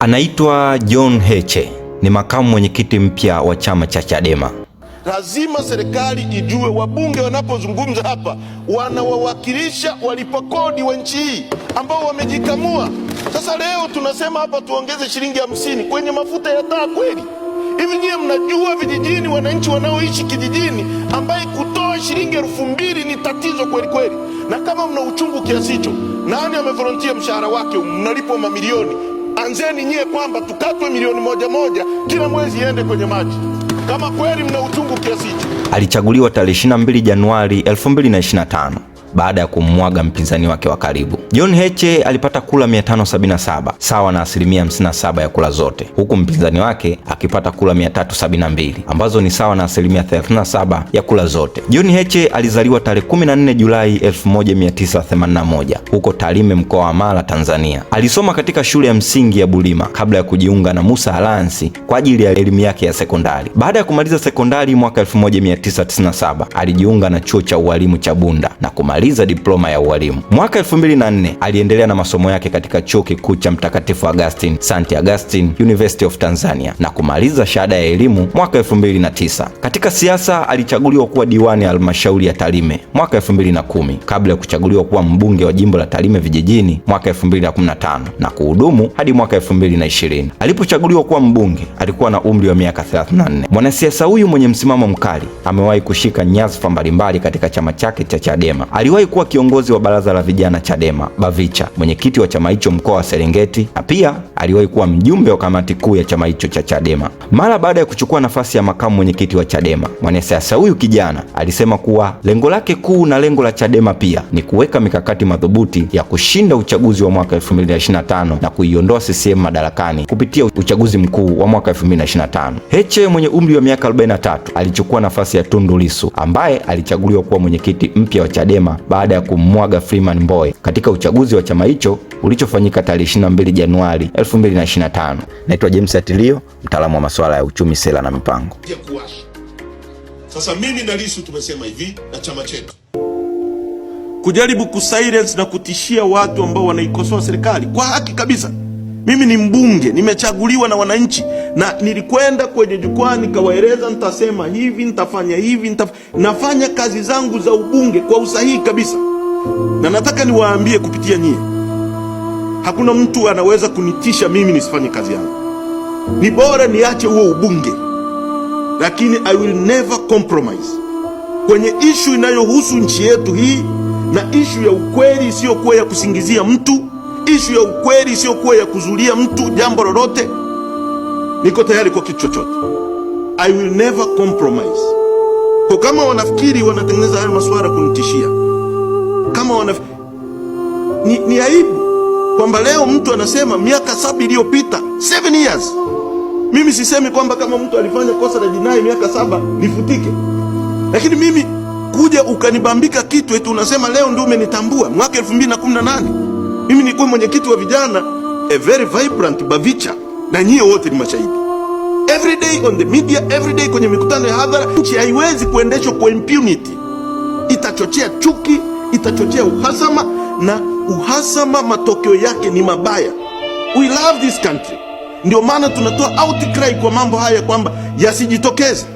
Anaitwa John Heche, ni makamu mwenyekiti mpya wa chama cha Chadema. Lazima serikali ijue wabunge wanapozungumza hapa wanawawakilisha walipa kodi wa nchi hii ambao wamejikamua. Sasa leo tunasema hapa tuongeze shilingi hamsini kwenye mafuta ya taa kweli? Hivi nyie mnajua vijijini, wananchi wanaoishi kijijini, ambaye kutoa shilingi elfu mbili ni tatizo kweli kweli. Na kama mna uchungu kiasi hicho, nani amevolontia mshahara wake? Mnalipwa mamilioni anzeni nyie kwamba tukatwe milioni moja moja kila mwezi iende kwenye maji kama kweli mna uchungu kiasi hicho. Alichaguliwa tarehe 22 Januari 2025 baada ya kumwaga mpinzani wake wa karibu. John Heche alipata kula 577 sawa na asilimia 57 ya kula zote, huku mpinzani wake akipata kula 372 ambazo ni sawa na asilimia 37 ya kula zote. John Heche alizaliwa tarehe 14 Julai 1981 huko Tarime, mkoa wa Mara, Tanzania. Alisoma katika shule ya msingi ya Bulima kabla ya kujiunga na Musa Alliance kwa ajili ya elimu yake ya sekondari. Baada ya kumaliza sekondari mwaka 1997 alijiunga na chuo cha ualimu cha Bunda na kumaliza kumaliza diploma ya ualimu. Mwaka 2004 aliendelea na masomo yake katika chuo kikuu cha Mtakatifu augustin St. augustin University of Tanzania na kumaliza shahada ya elimu mwaka 2009. Katika siasa alichaguliwa kuwa diwani ya halmashauri ya Tarime mwaka 2010 kabla ya kuchaguliwa kuwa mbunge wa jimbo la Tarime vijijini mwaka 2015 na kuhudumu hadi mwaka 2020. Alipochaguliwa kuwa mbunge alikuwa na umri wa miaka 34. Mwanasiasa huyu mwenye msimamo mkali amewahi kushika nyadhifa mbalimbali katika chama chake cha Chadema. Aliwa aliwahi kuwa kiongozi wa baraza la vijana Chadema Bavicha, mwenyekiti wa chama hicho mkoa wa Serengeti, na pia aliwahi kuwa mjumbe wa kamati kuu ya chama hicho cha Chadema. Mara baada ya kuchukua nafasi ya makamu mwenyekiti wa Chadema, mwanasiasa huyu kijana alisema kuwa lengo lake kuu na lengo la Chadema pia ni kuweka mikakati madhubuti ya kushinda uchaguzi wa mwaka 2025 na kuiondoa CCM madarakani kupitia uchaguzi mkuu wa mwaka 2025. Heche mwenye umri wa miaka 43 alichukua nafasi ya Tundu Lissu ambaye alichaguliwa kuwa mwenyekiti mpya wa Chadema baada ya kummwaga Freeman Mbowe katika uchaguzi wa chama hicho ulichofanyika tarehe 22 Januari 2025. Naitwa James Atilio, mtaalamu wa masuala ya uchumi, sera na mipango. Sasa mimi na Lissu tumesema hivi na chama chetu kujaribu kusilence na kutishia watu ambao wanaikosoa serikali kwa haki kabisa. Mimi ni mbunge, nimechaguliwa na wananchi na nilikwenda kwenye jukwaa nikawaeleza, nitasema hivi, nitafanya hivi, nitaf... nafanya kazi zangu za ubunge kwa usahihi kabisa, na nataka niwaambie kupitia nyie, hakuna mtu anaweza kunitisha mimi nisifanye kazi yangu. Ni bora niache huo ubunge, lakini I will never compromise kwenye ishu inayohusu nchi yetu hii, na ishu ya ukweli isiyokuwa ya kusingizia mtu, ishu ya ukweli isiyokuwa ya kuzulia mtu jambo lolote. Niko tayari kwa kitu chochote. I will never compromise. Kwa kama wanafikiri wanatengeneza haya maswara kunitishia, kama wanaf... ni, ni aibu kwamba leo mtu anasema miaka saba iliyopita, seven years. Mimi sisemi kwamba kama mtu alifanya kosa la jinai miaka saba lifutike, lakini mimi kuja ukanibambika kitu eti unasema leo ndio umenitambua mwaka 2018 mimi nilikuwa mwenyekiti wa vijana a very vibrant Bavicha na nyie wote ni mashahidi. Every day on the media, every day kwenye mikutano ya hadhara. Nchi haiwezi kuendeshwa kwa impunity, itachochea chuki, itachochea uhasama, na uhasama matokeo yake ni mabaya. We love this country, ndio maana tunatoa outcry kwa mambo haya kwamba yasijitokeze.